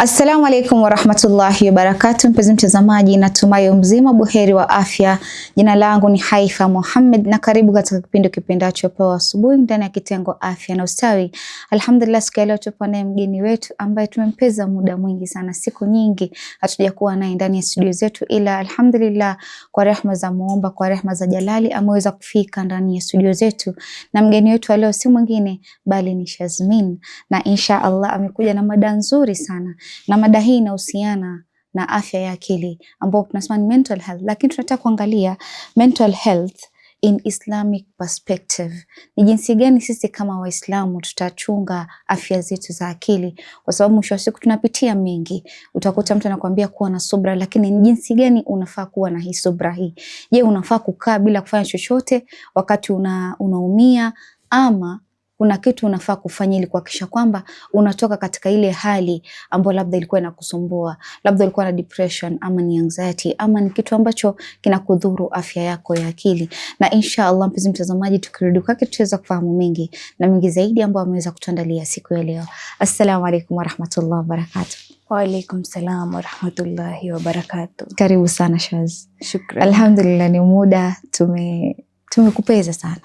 Assalamu alaikum warahmatullahi wabarakatu, mpenzi mtazamaji, natumayo mzima buheri wa afya. Jina langu ni Haifa Muhammad na karibu katika kipindi kipendacho Pewa Asubuhi ndani ya kitengo afya na ustawi. Alhamdulillah, siku ya leo tupo naye mgeni wetu ambaye tumempeza muda mwingi sana, siku nyingi hatujakuwa naye ndani ya studio zetu, ila alhamdulillah, kwa rehma za Muumba, kwa rehma za Jalali ameweza kufika ndani ya studio zetu, na mgeni wetu leo si mwingine bali ni Shazmin, na insha Allah amekuja na mada nzuri sana na mada hii inahusiana na afya ya akili ambao tunasema ni mental health, lakini tunataka kuangalia mental health in Islamic perspective, ni jinsi gani sisi kama Waislamu tutachunga afya zetu za akili, kwa sababu mwisho wa siku tunapitia mengi. Utakuta mtu anakuambia kuwa na subra, lakini ni jinsi gani unafaa kuwa na hii subra hii? Je, unafaa kukaa bila kufanya chochote wakati una, unaumia ama kuna kitu unafaa kufanya ili kuhakikisha kwamba unatoka katika ile hali ambayo labda ilikuwa inakusumbua, labda ulikuwa na depression ama ni anxiety ama ni kitu ambacho kinakudhuru afya yako ya akili. Na inshallah, mpenzi mtazamaji, tukirudi kwake tutaweza kufahamu mengi na mengi zaidi ambayo ameweza kutuandalia siku ya leo. Assalamu alaikum warahmatullahi wabarakatuh. Waalaikum salam warahmatullahi wabarakatuh. Karibu sana Shaz. Shukran. Alhamdulillah, ni muda tume tumekupeza sana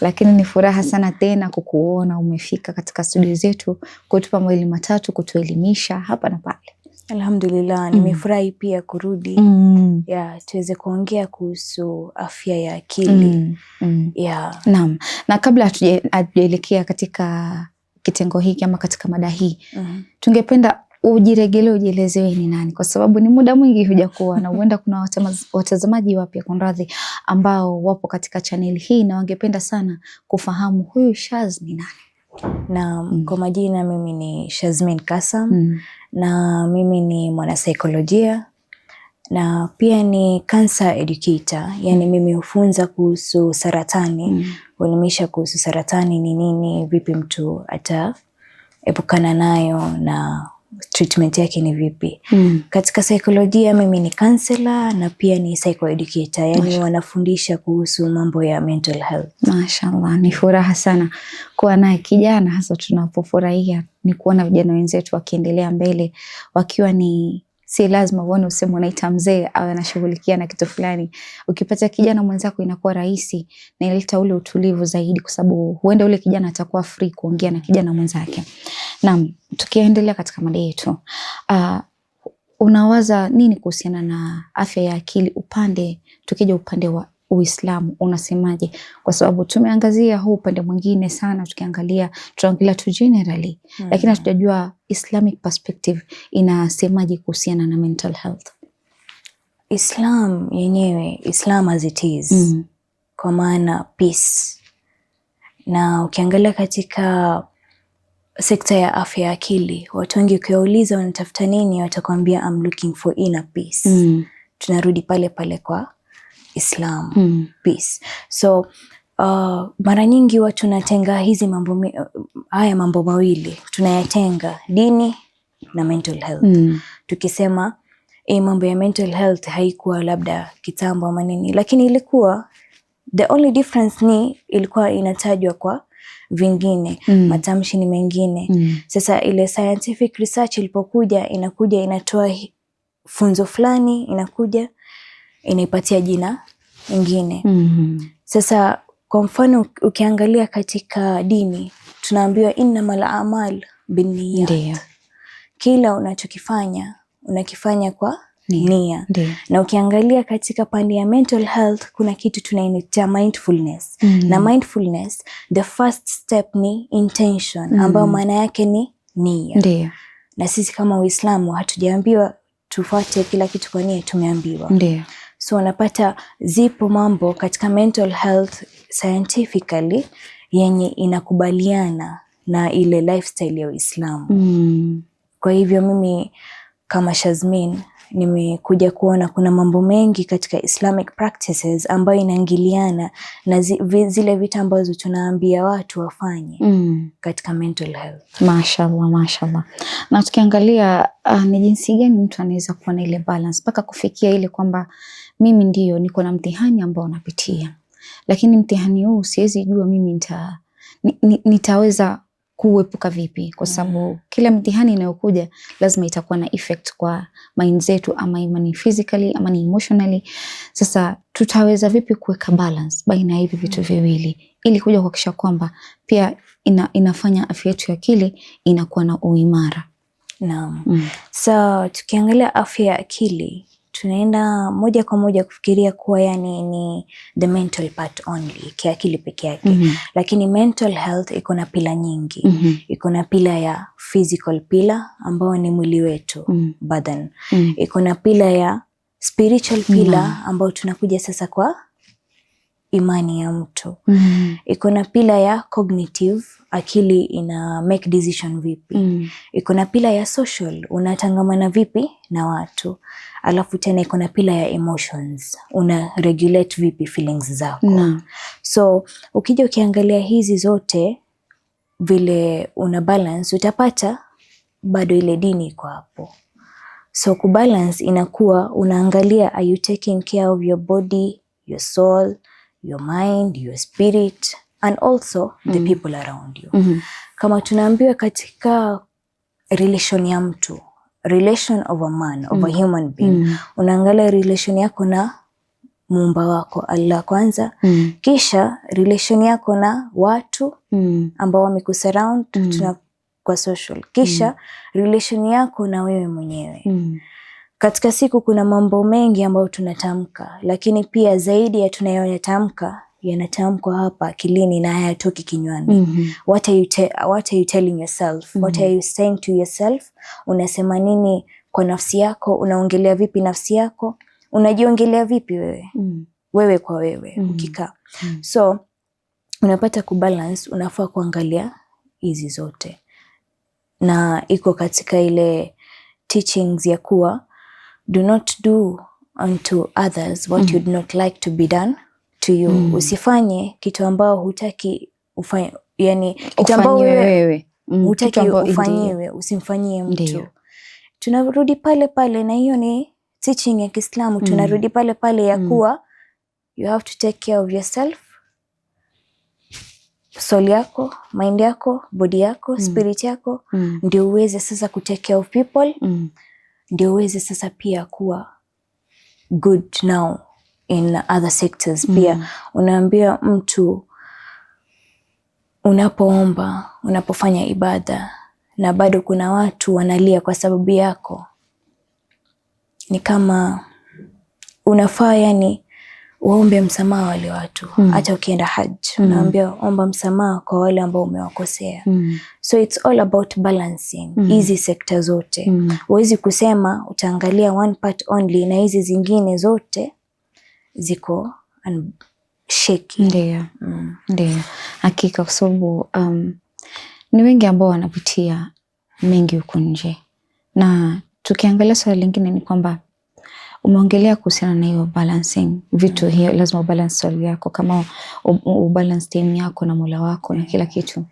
lakini ni furaha sana tena kukuona umefika katika studio mm. zetu kutupa mawili matatu, kutuelimisha hapa na pale. Alhamdulillah, mm. nimefurahi mm. pia kurudi mm. ya tuweze kuongea kuhusu afya ya akili mm. mm. ya naam. Na kabla hatujaelekea katika kitengo hiki ama katika mada hii mm -hmm. tungependa ujiregelee, ujielezewe ni nani, kwa sababu ni muda mwingi hujakuwa na huenda kuna watazamaji wapya kunradhi, ambao wapo katika chaneli hii na wangependa sana kufahamu huyu Shaz ni nani. Na mm. Kwa majina mimi ni Shazmin Kasam mm. na mimi ni mwanasaikolojia na pia ni cancer educator, yani mm. mimi hufunza kuhusu saratani, mm. huelimisha kuhusu saratani ni nini, vipi mtu ataepukana nayo na treatment yake ni vipi? Mm. Katika saikolojia mimi ni counselor na pia ni psychoeducator, yani wanafundisha kuhusu mambo ya mental health. Mashallah, ni furaha sana kuwa naye kijana, hasa tunapofurahia ni kuona vijana wenzetu wakiendelea mbele wakiwa ni si lazima uone useme unaita mzee au anashughulikia na kitu fulani. Ukipata kijana mwenzako inakuwa rahisi na inaleta ule utulivu zaidi, kwa sababu huenda ule kijana atakuwa free kuongea na kijana mwenzake. Naam, tukiendelea katika mada yetu uh, unawaza nini kuhusiana na afya ya akili upande, tukija upande wa Uislamu unasemaje, kwa sababu tumeangazia huu upande mwingine sana, tukiangalia tunaangalia tu generally mm -hmm. lakini hatujajua Islamic perspective inasemaje kuhusiana na mental health. Islam yenyewe Islam as it is mm -hmm. kwa maana peace, na ukiangalia katika sekta ya afya ya akili, watu wengi ukiwauliza wanatafuta nini, watakwambia I'm looking for inner peace mm -hmm. tunarudi pale pale kwa Islam mm. peace. So uh, mara nyingi watu natenga hizi mambo haya mambo mawili tunayatenga dini na mental health mm. tukisema hii eh, mambo ya mental health haikuwa labda kitambo ama nini, lakini ilikuwa the only difference ni ilikuwa inatajwa kwa vingine mm. matamshi ni mengine mm. Sasa ile scientific research ilipokuja inakuja inatoa funzo fulani, inakuja inaipatia jina ingine. mm -hmm. Sasa kwa mfano ukiangalia katika dini tunaambiwa innamal amal binniyat. Kila unachokifanya unakifanya kwa Nia. Nia. Na ukiangalia katika pande ya mental health kuna kitu tunaita mindfulness. Mm -hmm. Na mm-hmm. mindfulness the first step ni intention mm -hmm. ambayo maana yake ni nia. Ndio. Na sisi kama Waislamu hatujaambiwa tufuate kila kitu kwa nia, tumeambiwa. Ndio. So wanapata zipo mambo katika mental health scientifically yenye inakubaliana na ile lifestyle ya Uislamu. Mm. Kwa hivyo mimi kama Shazmin nimekuja kuona kuna mambo mengi katika Islamic practices ambayo inaingiliana na zi, vi, zile vitu ambazo tunaambia watu wafanye mm. katika mental health. Mashallah, mashallah. Na tukiangalia uh, ni jinsi gani mtu anaweza kuwa na ile balance mpaka kufikia ile kwamba mimi ndio niko na mtihani ambao napitia, lakini mtihani huu siwezi jua mimi nita, nitaweza kuepuka vipi, kwa mm. sababu mm. kila mtihani inayokuja lazima itakuwa na effect kwa mind zetu, ama imani physically ama ni emotionally. Sasa tutaweza vipi kuweka balance baina ya hivi vitu mm. viwili ili kuja kuhakikisha kwamba pia ina, inafanya afya yetu ya akili inakuwa na uimara. Naam. Mm. So tukiangalia afya ya akili tunaenda moja kwa moja kufikiria kuwa yani ni the mental part only, kiakili peke yake mm -hmm. Lakini mental health iko na pila nyingi mm -hmm. Iko na pila ya physical pila ambayo ni mwili wetu mm -hmm. badan mm -hmm. Iko na pila ya spiritual pila mm -hmm. ambayo tunakuja sasa kwa imani ya mtu mm. -hmm. Iko na pila ya cognitive, akili ina make decision vipi mm. -hmm. Iko na pila ya social, unatangamana vipi na watu, alafu tena iko na pila ya emotions, una regulate vipi feelings zako no. So ukija ukiangalia hizi zote vile una balance, utapata bado ile dini iko hapo. So kubalance inakuwa unaangalia, are you taking care of your body your soul your mind, your spirit and also mm. the mm-hmm. people around you mm -hmm. Kama tunaambiwa katika relation ya mtu, relation of a man of mm. a mm-hmm. human being mm. unaangalia relation yako na muumba wako Allah kwanza mm. kisha relation yako na watu mm. ambao wamekusurround mm. kwa social kisha mm. relation yako na wewe mwenyewe mm. Katika siku kuna mambo mengi ambayo tunatamka, lakini pia zaidi ya tunayoyatamka yanatamkwa hapa akilini na hayatoki kinywani. mm -hmm. What are you what are you telling yourself? mm -hmm. What are you saying to yourself? Unasema nini kwa nafsi yako? Unaongelea vipi nafsi yako? Unajiongelea vipi wewe? mm -hmm. Wewe kwa wewe mm -hmm. ukikaa mm -hmm. so unapata kubalance, unafaa kuangalia hizi zote na iko katika ile teachings ya kuwa do not do unto others what mm. you'd mm-hmm. not like to be done to you mm. Usifanye kitu ambao hutaki ufanye, yani kitu ambao wewe mm, hutaki ufanyiwe, usimfanyie mtu Ndiyo. Tunarudi pale pale, na hiyo ni teaching ya Kiislamu. Mm. Tunarudi pale pale ya mm. kuwa mm. you have to take care of yourself, soul yako, mind yako, body yako mm. spirit yako mm. ndio uweze sasa ku take care of people mm ndio uweze sasa pia kuwa good now in other sectors pia. mm -hmm. Unaambia mtu unapoomba, unapofanya ibada, na bado kuna watu wanalia kwa sababu yako, ni kama unafaa yani waombe msamaha wale watu mm. Hata ukienda haj mm. Unaambia omba msamaha kwa wale ambao umewakosea mm. So it's all about balancing hmm. hizi mm. sekta zote hmm. huwezi mm. kusema utaangalia one part only na hizi zingine zote ziko sheki. Ndio, hmm. ndio hakika, kwa sababu um, ni wengi ambao wanapitia mengi huko nje, na tukiangalia swala lingine ni kwamba Umeongelea kuhusiana na hiyo balancing vitu mm -hmm. Hiyo lazima ubalance swali yako kama ubalance time yako na Mola wako na mm. kila kitu,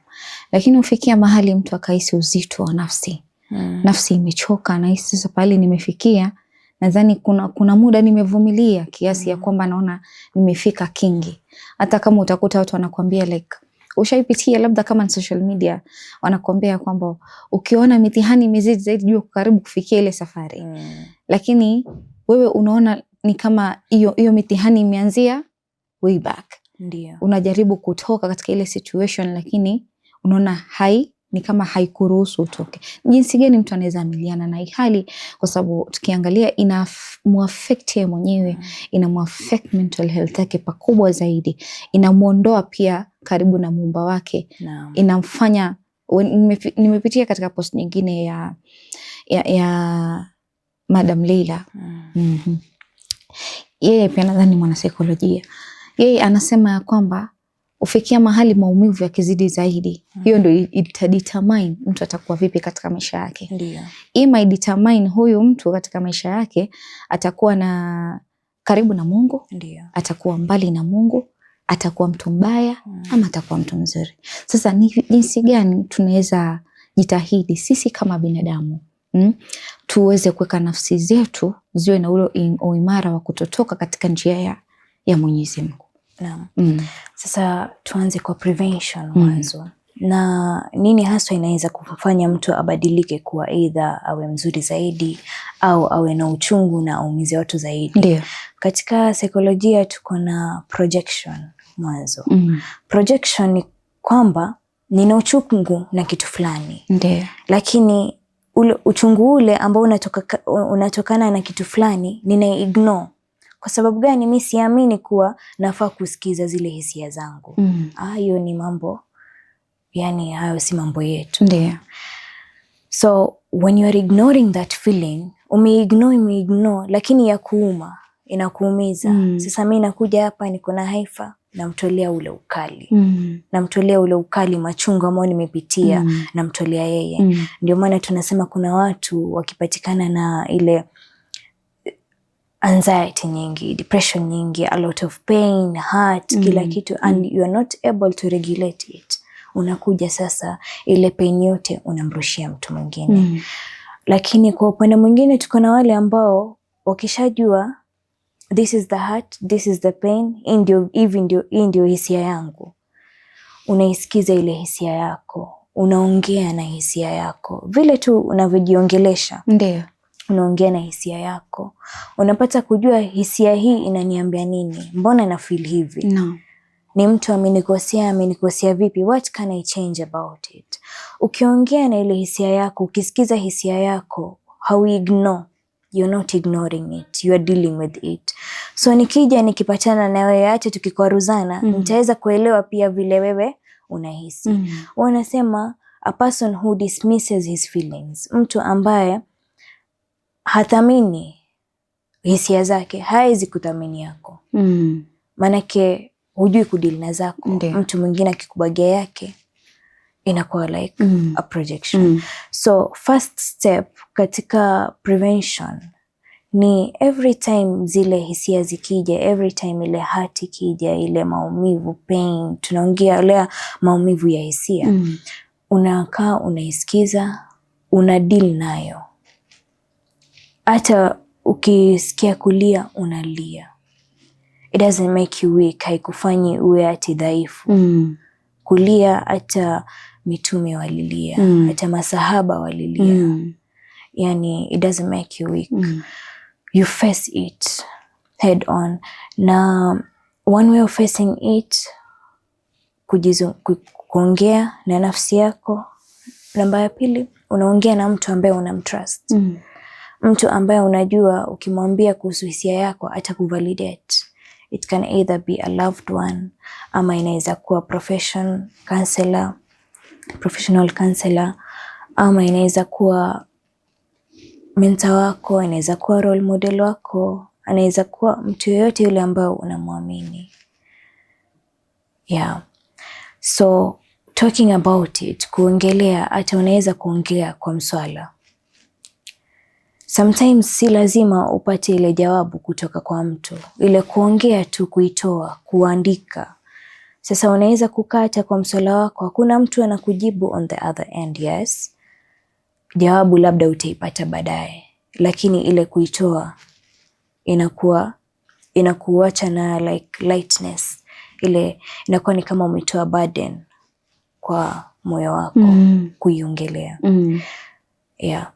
lakini ufikia mahali mtu akahisi uzito wa nafsi mm. Nafsi imechoka na hisi sasa, pale nimefikia, nadhani kuna, kuna muda nimevumilia kiasi mm. ya kwamba naona nimefika kingi. Hata kama utakuta watu wanakwambia like ushaipitia labda kama ni social media, wanakuambia kwamba ukiona mitihani imezidi zaidi, jua karibu kufikia ile safari mm. lakini wewe unaona ni kama hiyo hiyo mitihani imeanzia way back. Ndio. Unajaribu kutoka katika ile situation lakini unaona hai ni kama haikuruhusu utoke. Jinsi gani mtu anaweza amiliana na hii hali? Kwa sababu tukiangalia ina muaffect yeye mwenyewe, mm. ina muaffect mental health yake pakubwa zaidi, inamwondoa pia karibu na muumba wake no. Inamfanya nimepitia katika post nyingine ya, ya, ya Madam Leila mm. mm -hmm. Yeye pia nadhani mwanasaikolojia, yeye anasema ya kwamba ufikia mahali maumivu yakizidi zaidi mm hiyo ndo itadetermine mtu atakuwa vipi katika maisha yake. Ima idetermine huyu mtu katika maisha yake atakuwa na karibu na Mungu Ndio. atakuwa mbali na Mungu, atakuwa mtu mbaya mm. ama atakuwa mtu mzuri. Sasa ni jinsi gani tunaweza jitahidi sisi kama binadamu mm, tuweze kuweka nafsi zetu ziwe na ule uimara wa kutotoka katika njia ya, ya Mwenyezi Mungu. Naam. Mm. Sasa tuanze kwa prevention hmm. mwanzo. Mm. Na nini haswa inaweza kufanya mtu abadilike kuwa aidha awe mzuri zaidi au awe na uchungu na aumize watu zaidi? Ndio. Katika saikolojia tuko na projection mwanzo. Mm. Projection ni kwamba nina uchungu na kitu fulani. Lakini ule uchungu ule ambao unatoka, unatokana na kitu fulani nina ignore. Kwa sababu gani? Mi siamini kuwa nafaa kusikiza zile hisia zangu. mm. Hayo ni mambo yani, hayo si mambo yetu. Ndio. So when you are ignoring that feeling, umeignore, umeignore, lakini ya kuuma inakuumiza. Mm. Sasa mi nakuja hapa niko na haifa namtolea ule ukali mm. namtolea ule ukali machungu ambao nimepitia mm. namtolea yeye mm. Ndio maana tunasema kuna watu wakipatikana na ile anxiety nyingi, depression nyingi, a lot of pain, hurt mm. kila kitu mm. and mm. you are not able to regulate it. Unakuja sasa ile pain yote unamrushia mtu mwingine mm. Lakini kwa upande mwingine tuko na wale ambao wakishajua this is the heart, this is the pain. Hii ndio, hivi ndio, hii ndio hisia yangu. Unaisikiza ile hisia yako, unaongea na hisia yako, vile tu unavyojiongelesha, ndio unaongea na hisia yako, unapata kujua hisia hii inaniambia nini, mbona na feel hivi no. Ni mtu amenikosea, amenikosea vipi? What can I change about it? Ukiongea na ile hisia yako, ukisikiza hisia yako, hauignore you're not ignoring it, you are dealing with it. So nikija nikipatana na wewe, acha tukikwaruzana, mm -hmm. nitaweza kuelewa pia vile wewe unahisi. mm -hmm. Wanasema a person who dismisses his feelings, mtu ambaye hathamini hisia zake hawezi kuthamini yako. mm -hmm. Maanake hujui kudili na zako. Nde. mtu mwingine akikubagia yake inakuwa like mm. a projection mm. So first step katika prevention ni every time zile hisia zikija, every time ile hati ikija, ile maumivu pain, tunaongea lea maumivu ya hisia mm. unakaa unaisikiza, una dil nayo. Hata ukisikia kulia unalia, it doesn't make you weak, haikufanyi uwe ati dhaifu mm. kulia hata mitume walilia mm. hata masahaba walilia mm. yani it doesn't make you weak mm. you face it head on na one way of facing it kuongea na nafsi yako namba ya pili unaongea na mtu ambaye unamtrust mm. mtu ambaye unajua ukimwambia kuhusu hisia yako atakuvalidate it can either be a loved one ama inaweza kuwa profession counselor professional counselor, ama inaweza kuwa mentor wako, inaweza kuwa role model wako, anaweza kuwa mtu yoyote yule ambao unamwamini. Yeah. So talking about it, kuongelea, hata unaweza kuongea kwa mswala. Sometimes si lazima upate ile jawabu kutoka kwa mtu, ile kuongea tu, kuitoa, kuandika sasa unaweza kukata kwa msala wako, hakuna mtu anakujibu on the other end. Yes, jawabu labda utaipata baadaye, lakini ile kuitoa inakuwa inakuacha na like lightness ile, inakuwa ni kama umetoa burden kwa moyo wako mm. kuiongelea mm. yeah.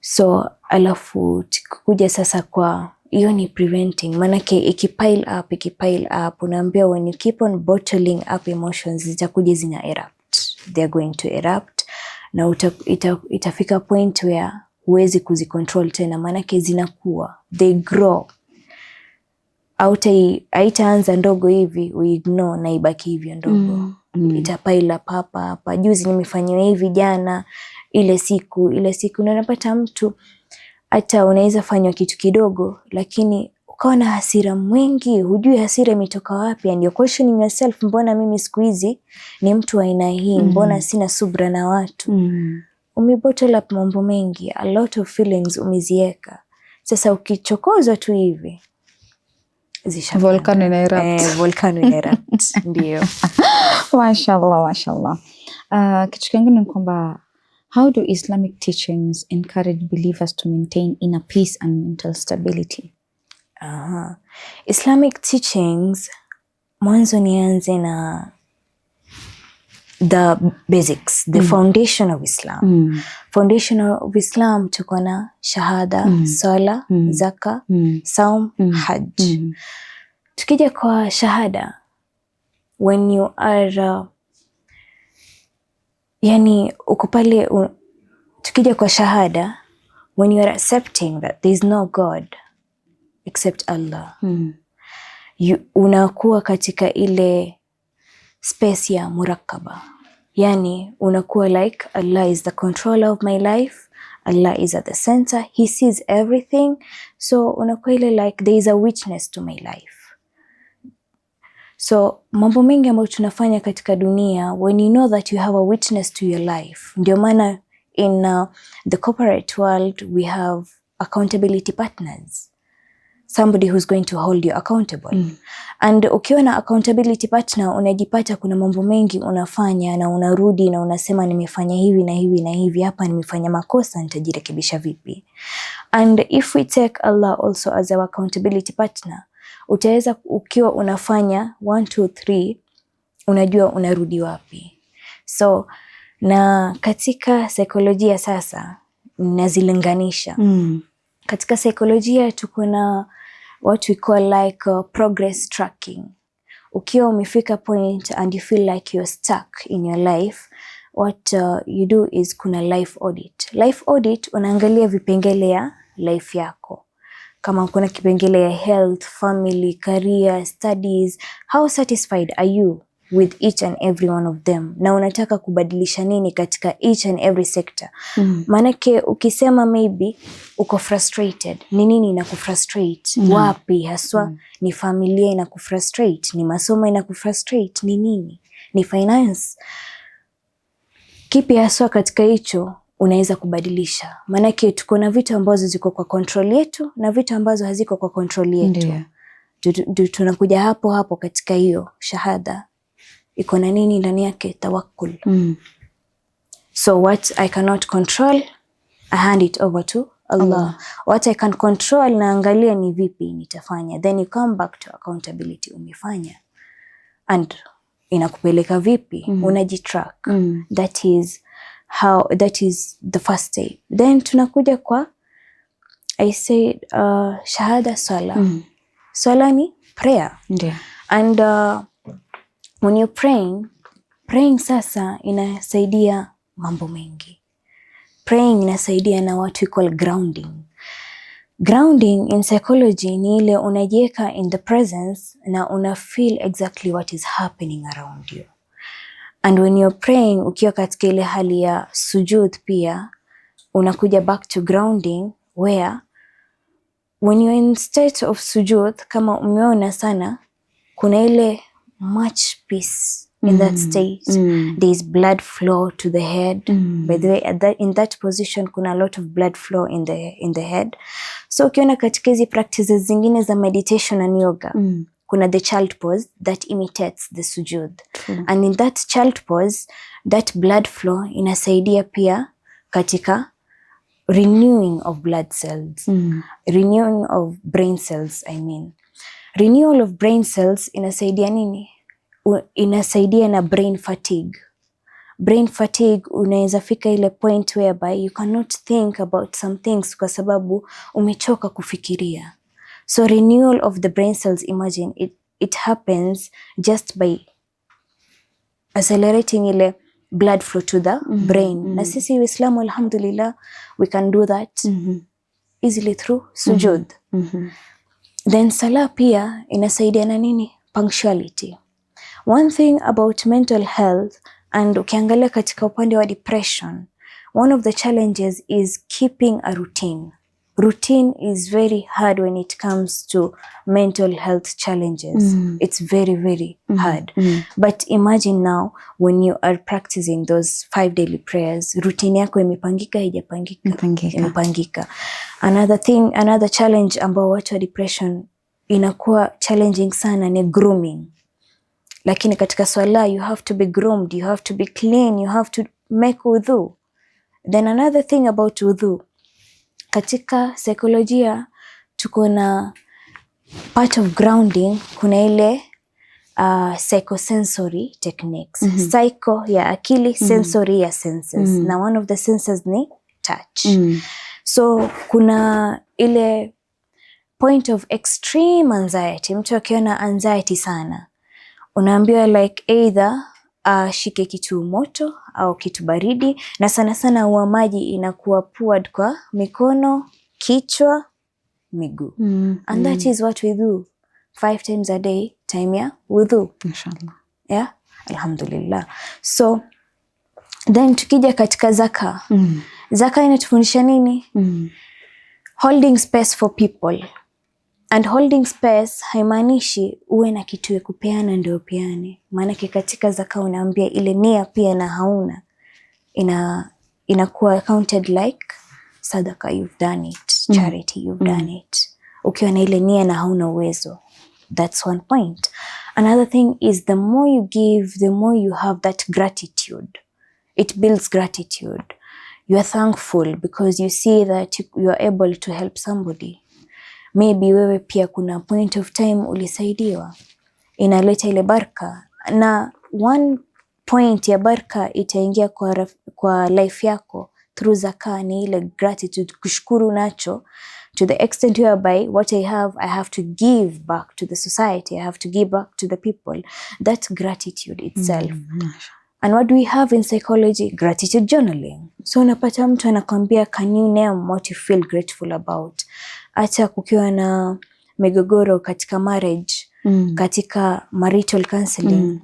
so alafu kuja sasa kwa hiyo ni preventing, maanake ikipile up ikipile up, unaambia when you keep on bottling up emotions zitakuja zina erupt, they are going to erupt na uta, ita, itafika point where huwezi kuzicontrol tena, maanake zinakuwa they grow out, haitaanza ndogo hivi uignore na ibaki hivyo ndogo mm. mm. itapile up hapa hapa, juzi nimefanyiwa hivi, jana ile siku ile siku, na unapata mtu hata unaweza fanywa kitu kidogo, lakini ukawa na hasira mwingi, hujui hasira imetoka wapi, and you're questioning yourself, mbona mimi siku hizi ni mtu wa aina hii? Mm-hmm. Mbona mm. sina subra na watu mm. -hmm. umebottle up mambo mengi, a lot of feelings umezieka. Sasa ukichokozwa tu hivi volcano ina erupt. Eh, volcano ina erupt. Ndio, mashallah mashallah. Uh, kitu kingine ni kwamba How do Islamic teachings encourage believers to maintain inner peace and mental stability? -huh. Islamic teachings, mwanzo nianze na the basics the mm. foundation of Islam mm. foundation of Islam tuko na shahada mm. sala mm. zaka mm. saum mm. hajj mm. Tukija kwa shahada when you are uh, yani uko pale tukija kwa shahada when you are accepting that there is no god except Allah hmm. you, unakuwa katika ile space ya murakaba yani unakuwa like Allah is the controller of my life Allah is at the center he sees everything so unakuwa ile like there is a witness to my life So mambo mengi ambayo tunafanya katika dunia, when you know that you have a witness to your life. Ndio maana in uh, the corporate world we have accountability partners, somebody who's going to hold you accountable mm. And ukiwa na accountability partner unajipata kuna mambo mengi unafanya na unarudi na unasema nimefanya hivi na hivi na hivi, hapa nimefanya makosa, nitajirekebisha vipi? And if we take Allah also as our accountability partner utaweza ukiwa unafanya one, two, three, unajua unarudi wapi. So na katika saikolojia sasa nazilinganisha mm. Katika saikolojia tuko na what we call like uh, progress tracking. Ukiwa umefika point and you feel like you're stuck in your life what uh, you do is kuna life audit. Life audit unaangalia vipengele ya life yako kama kuna kipengele ya health, family, career, studies. How satisfied are you with each and every one of them, na unataka kubadilisha nini katika each and every sector? Maanake mm. ukisema maybe uko frustrated, ni nini inakufrustrate? mm. wapi haswa? mm. ni familia inakufrustrate? ni masomo inakufrustrate? ni nini? ni finance? Kipi haswa katika hicho unaweza kubadilisha, maanake tuko na vitu ambazo ziko kwa kontrol yetu na vitu ambazo haziko kwa kontrol yetu. Tunakuja hapo hapo katika hiyo shahada iko na nini ndani yake? Tawakul. mm. so what I cannot control I hand it over to Allah. Allah. What I can control naangalia ni vipi nitafanya, then you come back to accountability, umefanya and inakupeleka vipi? mm. unajitrack. mm. that is how that is the first day then tunakuja kwa I said uh, shahada swala mm. swala ni prayer yeah. and uh, when youre praying praying sasa inasaidia mambo mengi praying inasaidia na what we call grounding grounding in psychology ni ile unajiweka in the presence na una feel exactly what is happening around you And when you're praying ukiwa katika ile hali ya sujud, pia unakuja back to grounding where when you're in state of sujud, kama umeona sana, kuna ile much peace in that mm. state mm. there is blood flow to the head mm. by the way at that, in that position kuna a lot of blood flow in the, in the head so ukiona katika hizi practices zingine za meditation and yoga mm kuna the child pose that imitates the sujud mm. and in that child pose that blood flow inasaidia pia katika renewing of blood cells mm. renewing of brain cells I mean renewal of brain cells inasaidia nini? Inasaidia na brain fatigue. Brain fatigue, unaweza fika ile point whereby you cannot think about some things kwa sababu umechoka kufikiria. So renewal of the brain cells, imagine it, it happens just by accelerating ile blood flow to the mm -hmm. brain mm -hmm. na mm-hmm. sisi Uislamu alhamdulillah we can do that mm -hmm. easily through sujud mm -hmm. Then sala pia inasaidia na nini, punctuality. One thing about mental health and ukiangalia katika upande wa depression, one of the challenges is keeping a routine routine is very hard when it comes to mental health challenges mm. it's very very mm. hard mm. but imagine now when you are practicing those five daily prayers routine yako imepangika haijapangika imepangika another thing another challenge ambao watu wa depression inakuwa challenging sana ni grooming lakini katika swala you have to be groomed you have to be clean you have to make udhu then another thing about udhu katika saikolojia tuko na part of grounding, kuna ile uh, psychosensory techniques mm -hmm. Psycho ya akili mm -hmm. Sensory ya senses mm -hmm. Na one of the senses ni touch mm -hmm. So kuna ile point of extreme anxiety, mtu akiona anxiety sana unaambiwa like either ashike uh, kitu moto au kitu baridi, na sana sana huwa maji inakuwa poured kwa mikono, kichwa, miguu mm, and that mm. is what we do five times a day time ya wudhu inshallah. Yeah, alhamdulillah. So then tukija katika zaka mm. zaka inatufundisha nini? mm. holding space for people And holding space haimaanishi uwe na kitu ya kupeana ndio upeane, maanake katika zaka unaambia ile nia pia na hauna ina inakuwa counted like sadaka, you've done it mm. charity, you've mm. done it. Ukiwa na ile nia na hauna uwezo, that's one point. Another thing is the more you give, the more you have that gratitude, it builds gratitude. You are thankful because you see that you are able to help somebody maybe wewe pia kuna point of time ulisaidiwa, inaleta ile baraka, na one point ya baraka itaingia kwa, raf, kwa life yako through zaka. Ni ile gratitude, kushukuru nacho to the extent whereby what I have I have to give back to the society, I have to give back to the people. that gratitude itself. mm -hmm. And what do we have in psychology? Gratitude journaling. So unapata mtu anakwambia, can you name what you feel grateful about? hata kukiwa na migogoro katika marriage mm. katika marital counseling mm.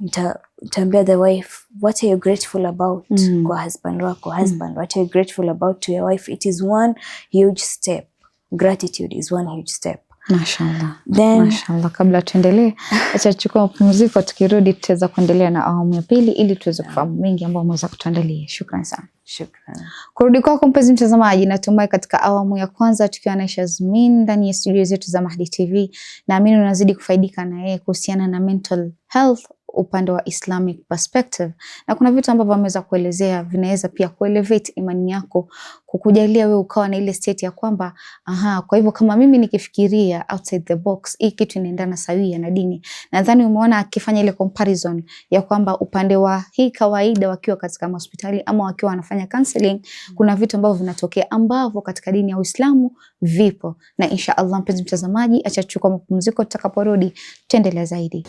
nitaambia mm. the wife what are you grateful about mm. kwa husband wako mm. husband mm. what are you grateful about to your wife it is one huge step gratitude is one huge step Mashallah. Kabla tuendelee, acha chukua mapumziko, tukirudi tutaweza kuendelea na awamu ya pili ili tuweze kufahamu mengi ambayo umeweza kutuandalia. Shukran sana. Kurudi kwako mpenzi mtazamaji, natumai katika awamu ya kwanza tukiwa na Shazmin ndani ya studio zetu za Mahdi TV, naamini unazidi kufaidika na yeye kuhusiana na mental health upande wa Islamic perspective, na kuna vitu ambavyo ameweza kuelezea vinaweza pia kuelevate imani yako, kukujalia wewe ukawa na ile state ya kwamba aha, kwa hivyo kama mimi nikifikiria outside the box, hii kitu inaendana sawia na dini. Nadhani umeona akifanya ile comparison ya kwamba upande wa hii kawaida, wakiwa katika hospitali ama wakiwa wanafanya counseling, kuna vitu ambavyo vinatokea ambavyo katika dini ya Uislamu vipo, na insha Allah mpenzi mtazamaji, acha tuchukue mapumziko, tutakaporudi tuendelea zaidi.